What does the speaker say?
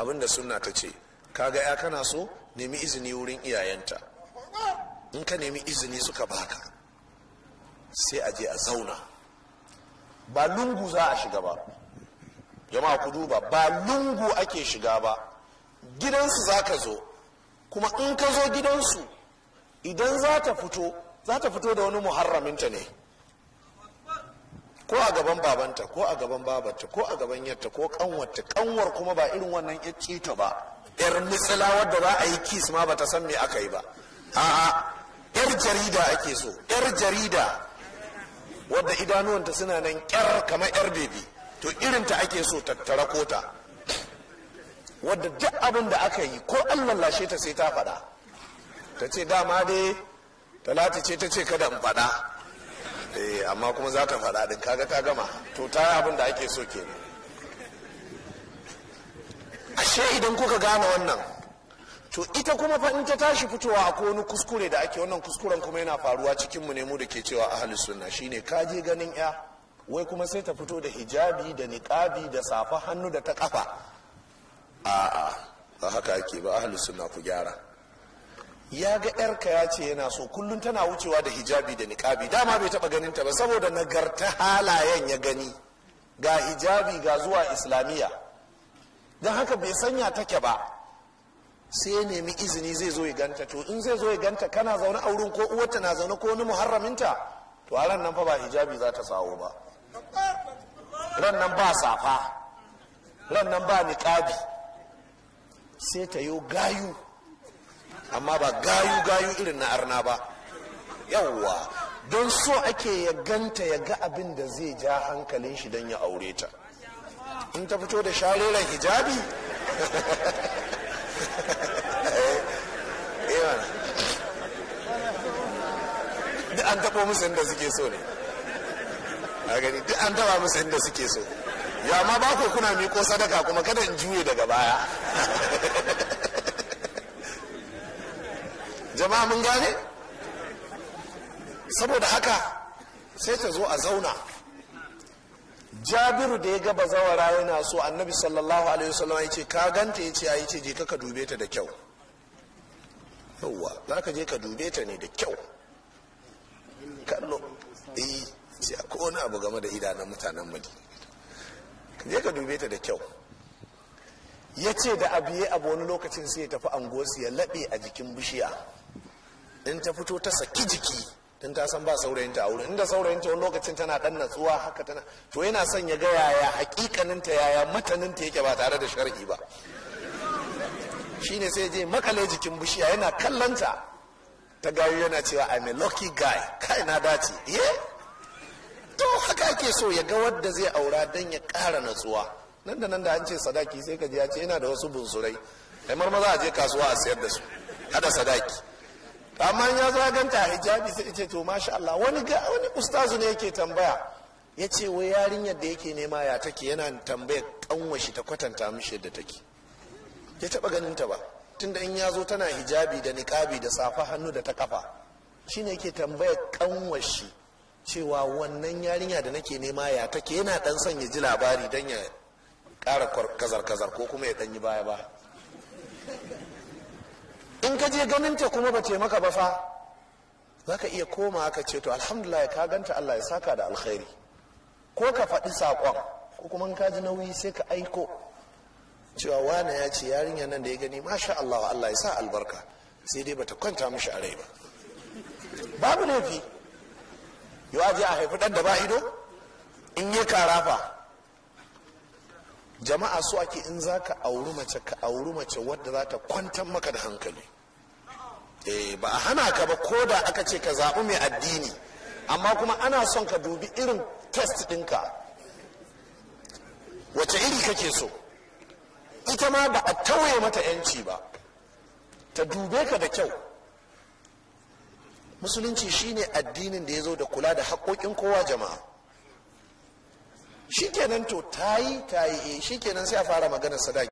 abinda sunna ta ce ka ga ya kana so nemi izini wurin iyayenta in ka nemi izini suka baka sai a je a zauna ba lungu za a shiga ba jama'a ku duba ba lungu ake shiga ba gidansu za ka zo kuma in ka zo gidansu idan za ta fito za ta fito da wani muharraminta ne ko a gaban babanta ko a gaban babanta ko a gaban yarta ko kanwarta kanwar kuma ba irin wannan ya cito ba yar mutsila wadda za a yi kis ma ba ta san me aka yi ba a'a yar jarida ake so yar jarida wadda idanuwanta suna nan kyar kamar yar bebi to irinta ake so tattara kota wadda duk abin da aka yi ko an lallashe ta sai ta faɗa ta ce dama dai talata ce ta ce kada in faɗa amma kuma za ta faɗa ɗin kaga ta gama to ta abin da ake so ke. ashe idan kuka gane wannan to ita kuma fa in ta tashi fitowa akwai wani kuskure da ake wannan kuskuren kuma yana faruwa cikin mu ne mu da ke cewa ahli sunna shine ka je ganin ya wai kuma sai ta fito da hijabi da niqabi da safa hannu da ta kafa a'a ba haka ake ba ahli sunna ku gyara ya ga yarka ya ce yana so kullum tana wucewa da hijabi da niƙabi dama bai taɓa ganin ta ba saboda nagarta halayen ya gani ga hijabi ga zuwa islamiyya don haka bai sanya take ba sai ya nemi izini zai zo ya ganta to in zai zo ya ganta kana zaune a wurin ko uwarta na zaune ko wani muharraminta to a ran nan fa ba hijabi za ta sawo ba ran nan ba safa ran nan ba niƙabi sai ta yo gayu amma ba gayu gayu irin na arna ba yawwa don so ake ya ganta ya ga abin da zai ja hankalin shi don ya aure ta in ta fito da shareren hijabi eh, duk an taɓo musu inda suke so ne a gani duk an taɓa musu inda suke so ya ma ba ku kuna miko sadaka kuma kada in juye daga baya jama'a mun gane saboda haka sai ta zo a zauna jabiru da ya gaba zawara yana so annabi sallallahu alaihi wasallam ya ce ka ganta ya ce ya ce je ka dube ta da kyau yauwa za ka je ka dube ta ne da kyau kallo eh sai a kowane abu game da idanun mutanen madi ka je ka dube ta da kyau ya ce da abu ya abu wani lokacin sai ya tafi angosi ya laɓe a jikin bishiya in ta fito ta saki jiki don ta san ba saurayinta a wurin inda saurayinta wani lokacin tana dan natsuwa haka tana to yana son ya ga yaya hakikaninta yaya mataninta yake ba tare da sharhi ba shine sai je makale jikin bishiya yana kallanta ta gayu yana cewa i'm a lucky guy kai na dace ye eh? to haka ake so ya ga wadda zai aura don ya ƙara natsuwa nan da nan da an ce sadaki sai ka ji ya ce yana da wasu bunsurai kamar maza a je kasuwa a sayar da su hada sadaki amma ya zaganta a hijabi sai ce to masha Allah wani ga wani ustazu ne yake tambaya ya ce wai yarinyar da yake nema ya take yana tambayar kanwashi ta kwatanta mishi yadda take ya taba ganin ta ba da in ya zo tana hijabi da niƙabi da safa hannu da ta kafa ne yake tambayar kanwashi cewa wannan yarinya da nake nema ya take yana dan son ya ji labari dan ya kara kazar kazar ko kuma ya dan yi baya ba in ka je ganin ta kuma ba maka ba fa za ka iya koma ka ce to alhamdulillah ka ganta Allah ya saka da alkhairi ko ka faɗi saƙon ko kuma in ka ji nauyi sai ka aiko cewa wane ya ce yarinya nan da ya gani masha Allah Allah ya sa albarka sai dai bata kwanta mishi a rai ba babu laifi yau aje a haifi ɗan da ba ido in yi karafa jama'a su ake in za ka auri mace ka auri mace wadda za ta kwantar maka da hankali eh ba a hana ka ba ko da aka ce ka zaɓi mai addini amma kuma ana son ka dubi irin test ɗinka wace iri kake so ita ma ba a tauye mata yanci ba ta dube ka da kyau musulunci shine addinin da ya zo da kula da haƙoƙin kowa jama'a shikenan to tayi tayi eh, shikenan sai a fara maganar sadaki